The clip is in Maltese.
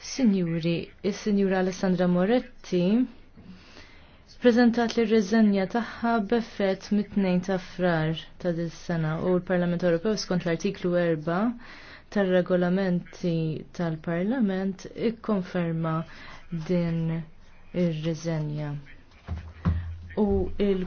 Signuri, il-Sinjura Alessandra Moretti prezentat li r-reżenja tagħha b'effett mit-2 ta' frar ta' dis-sena u l-Parlament Ewropew skont l-artiklu 4 tar-regolamenti tal-Parlament ikkonferma din ir-reżenja. U il